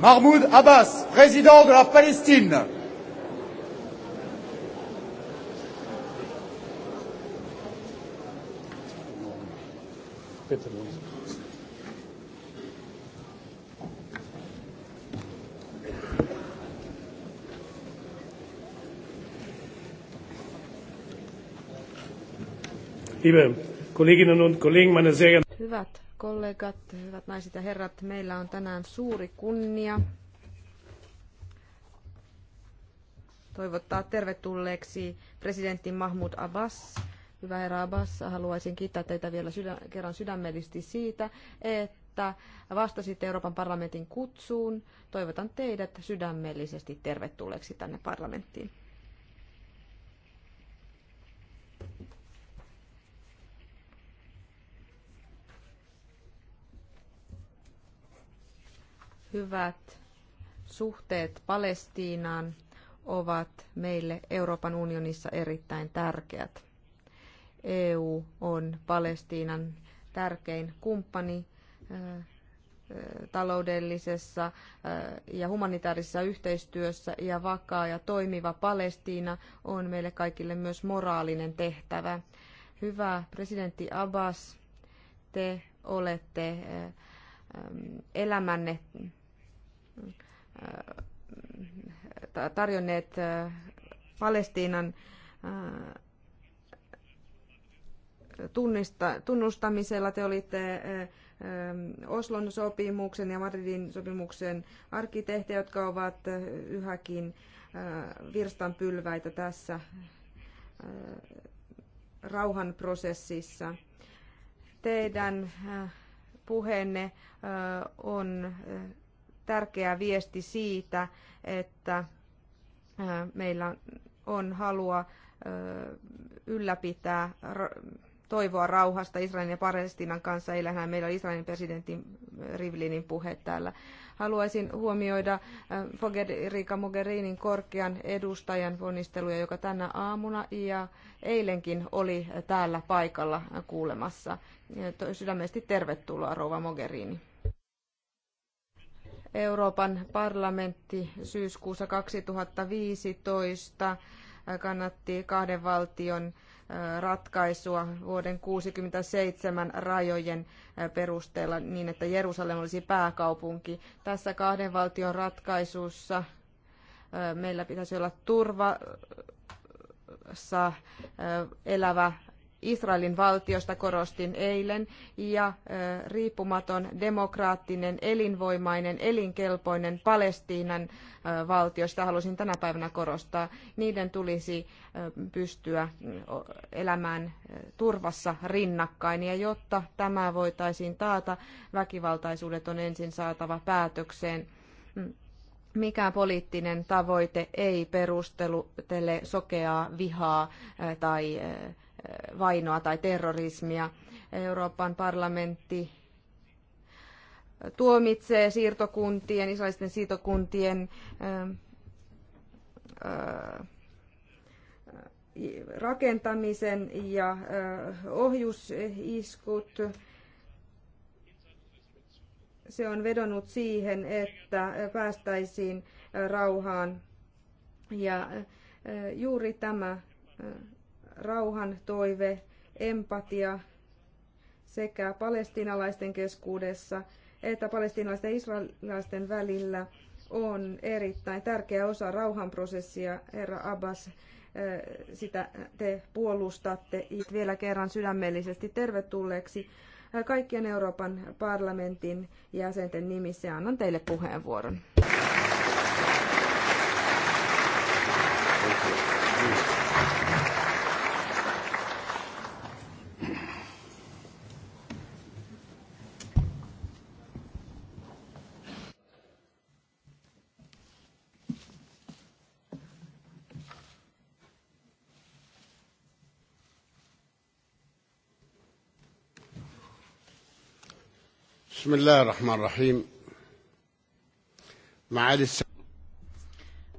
Mahmoud Abbas, président de la Palestine. Liebe Kolleginnen und Kollegen, meine sehr geehrten kollegat, hyvät naiset ja herrat, meillä on tänään suuri kunnia toivottaa tervetulleeksi presidentti Mahmoud Abbas. Hyvä herra Abbas, haluaisin kiittää teitä vielä sydä, kerran sydämellisesti siitä, että vastasitte Euroopan parlamentin kutsuun. Toivotan teidät sydämellisesti tervetulleeksi tänne parlamenttiin. Hyvät suhteet Palestiinaan ovat meille Euroopan unionissa erittäin tärkeät. EU on Palestiinan tärkein kumppani taloudellisessa ja humanitaarisessa yhteistyössä ja vakaa ja toimiva Palestiina on meille kaikille myös moraalinen tehtävä. Hyvä presidentti Abbas, te olette elämänne tarjonneet Palestiinan tunnista, tunnustamisella. Te olitte Oslon sopimuksen ja Madridin sopimuksen arkkitehtejä, jotka ovat yhäkin virstanpylväitä tässä rauhanprosessissa. Teidän puheenne on tärkeä viesti siitä, että meillä on halua ylläpitää toivoa rauhasta Israelin ja Palestiinan kanssa. Eilähän meillä on Israelin presidentin Rivlinin puhe täällä. Haluaisin huomioida Riika Mogherinin korkean edustajan ponnisteluja, joka tänä aamuna ja eilenkin oli täällä paikalla kuulemassa. Sydämesti tervetuloa, Rova Mogherini. Euroopan parlamentti syyskuussa 2015 kannatti kahden valtion ratkaisua vuoden 67 rajojen perusteella niin, että Jerusalem olisi pääkaupunki. Tässä kahden valtion ratkaisussa meillä pitäisi olla turvassa elävä Israelin valtiosta korostin eilen, ja riippumaton, demokraattinen, elinvoimainen, elinkelpoinen Palestiinan valtiosta halusin tänä päivänä korostaa. Niiden tulisi pystyä elämään turvassa rinnakkain, ja jotta tämä voitaisiin taata, väkivaltaisuudet on ensin saatava päätökseen mikään poliittinen tavoite ei perustele sokeaa vihaa tai vainoa tai terrorismia. Euroopan parlamentti tuomitsee siirtokuntien, isoisten siirtokuntien äh, äh, rakentamisen ja äh, ohjusiskut. Se on vedonnut siihen, että päästäisiin rauhaan. Ja juuri tämä rauhan toive, empatia sekä palestinalaisten keskuudessa että palestinalaisten ja israelilaisten välillä on erittäin tärkeä osa rauhanprosessia. Herra Abbas, eh, sitä te puolustatte vielä kerran sydämellisesti tervetulleeksi kaikkien Euroopan parlamentin jäsenten nimissä ja annan teille puheenvuoron. Thank you. بسم الله الرحمن الرحيم معالي السلام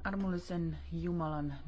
Armollisen يومالان